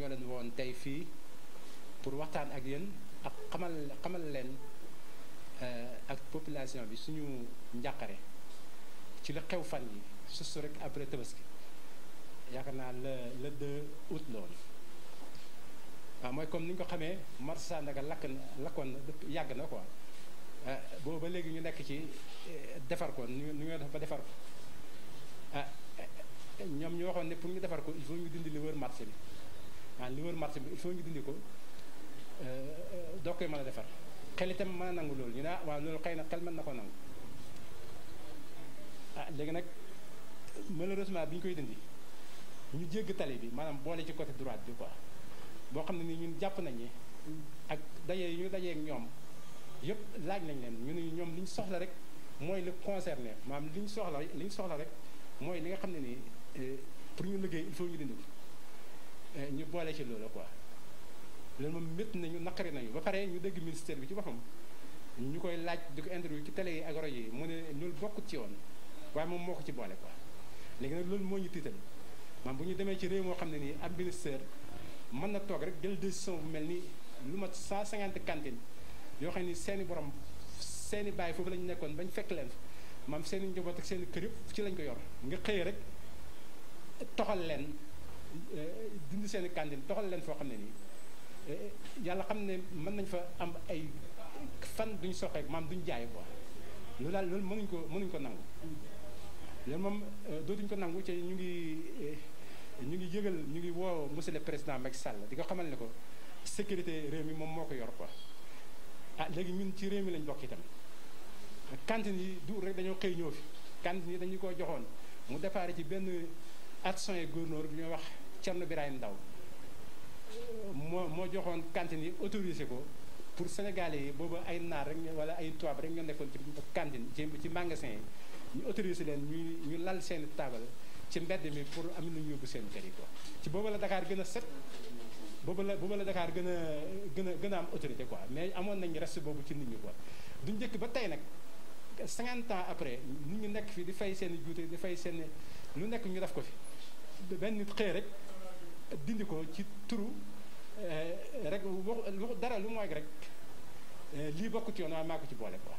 ñoo leen woon tey fii pour waxtaan ak yéen ak xamal xamal leen euh, ak population bi suñu njàqare ci la xew fan yi surtout rek après tabaski yaakaar naa le le 2 août la woon mooy comme ni ñu ko xamee marché Sandaga lakk lakkoon yàgg na ko euh, boobu ba léegi ñu nekk ci euh, defar ko nu ñu def ba defar ko ah, ñoom ñu waxoon ne pour ñu defar ko il faut ñu dindi li wër marché bi maanaam li wër marché bi il faut ñu dindi ko euh, doo koy mën a defar xel itam mën a nangu loolu ñu ne ah waaw loolu xëy na xel mën na ko nangu ah léegi nag malheureusement bi ñu koy dindi ñu jégg tali bi maanaam boole ci côté droite bi quoi boo xam ne ni ñun jàpp nañ ni ak daje yi ñu dajeek ñoom yëpp laaj nañ leen ñu ne ñoom li ñu soxla rek mooy le concerné maanaam li ñu soxla li soxla rek mooy li nga xam ne nii euh, pour ñu liggéey il faut ñu dindi Eh, ñu boole ci loolu quoi loolu moom métti nañu naqari nañu ba pare ñu dégg ministère bi ci boppam ñu koy laaj di ko interview ci télé yi ak rajo yi mu ne loolu bokkut ci woon waaye moom moo ko ci boole quoi léegi nag loolu moo ñu tiital maam bu ñu demee ci réew moo xam ne nii ab ministère mën na toog rek jël décision bu mel ni lu mat 150 cantines yoo xam ni seeni borom seeni bàyyi foofu la ñu nekkoon bañ fekk leen maam seeni njaboot ak seeni kër ci lañ ko yor nga xëy rek toxal leen. Euh, dindi seen i kàndil doxal leen foo xam ne nii euh, yàlla xam ne mën nañ fa am ay fan duñ soxee maam duñ jaay quoi loolu daal loolu mënuñ ko mënuñ ko nangu loolu moom euh, dootuñ ko nangu ci ñu ngi ñu ngi yëgal ñu ngi woow monsieur le président Macky Sall di ko xamal ne ko sécurité réew mi moom moo ko yor quoi ah léegi ñun ci réew mi lañ bokk itam cantine yi du rek dañoo xëy ñëw fi cantine yi dañu ko joxoon mu déparé ci benn action gouverneur bi ñoo wax Thierno Birahim Ndaw moo moo joxoon cantine yi autorisé ko pour sénégalais yi boobu ay naar rek wala ay tubaab rek ñoo nekkoon ci cantine ci ci magasin yi ñu autorisé leen ñu ñu lal seen taabal ci mbedd mi pour am lu ñu yóbbu seen kër yi ko ci boobu la dakaar gën a set boobu la boobu la Dakar gën a gën a gën am autorité ko mais amoon nañu reste boobu ci nit ñi ko du njëkk ba tey nag 50 ans après nit ñu nekk fii di fay seen i juute di fay seen lu nekk ñu def ko fi. benn nit xëy rek dindi ko ci turu eh, rek wax dara lu mooy rek eh, lii bokk ci yoon waaye maa ko ci boole ko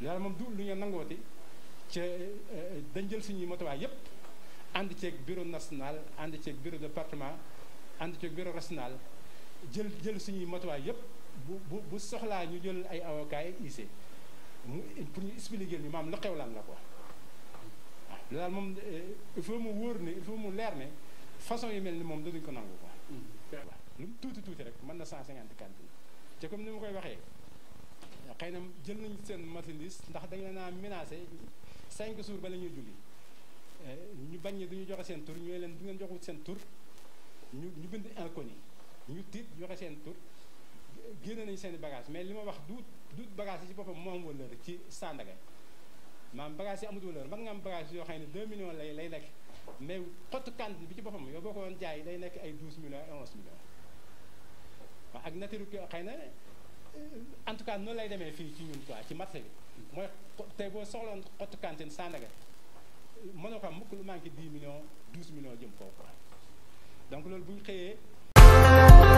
loolu moom du lu ñu nangooti ca eh, dañ jël suñuy motuwaay yëpp ànd ceeg bureau national ànd ceeg bureau département ànd ceeg bureau national jël jël suñuy motuwaay yëpp bu bu soxlaa ñu jël ay avocats yi IC pour ñu expliquer ñu maam lu xew lan la quoi daal moom euh, il faut mu wóor ne il faut mu leer ne façon yi mel ni moom dootuñ ko nangu ko mm. lu mu tuuti tuuti rek mën na 150 cantine te comme ni ma koy waxee xëy na jël nañ seen marchandise ndax dañ leen a menacé cinq jours ba la ñuy julli euh, ñu bañ ne du joxe seen tur ñooy leen du ngeen joxut seen tur ñu ñu bind inconnu ñu tiit joxe seen tur génne nañ seen i bagage mais li ma wax du du bagage yi ci boppam moom rek ci Sandaga maam bagage yi amul valeur mën nga am bagage yoo xam ne 2 millions lay lay nekk mais xottu kànd bi ci boppam yow boo ko doon jaay day nekk ay 12 millions et 11 millions waaw ak nature ki xëy na euh, en tout cas noonu lay demee fii ci ñun quoi ci marché bi mooy tey boo soxloon xottu cantine Sandaga euh, mënoo ko am mukk lu manqué 10 millions jëm kaw quoi donc loolu bu xëyee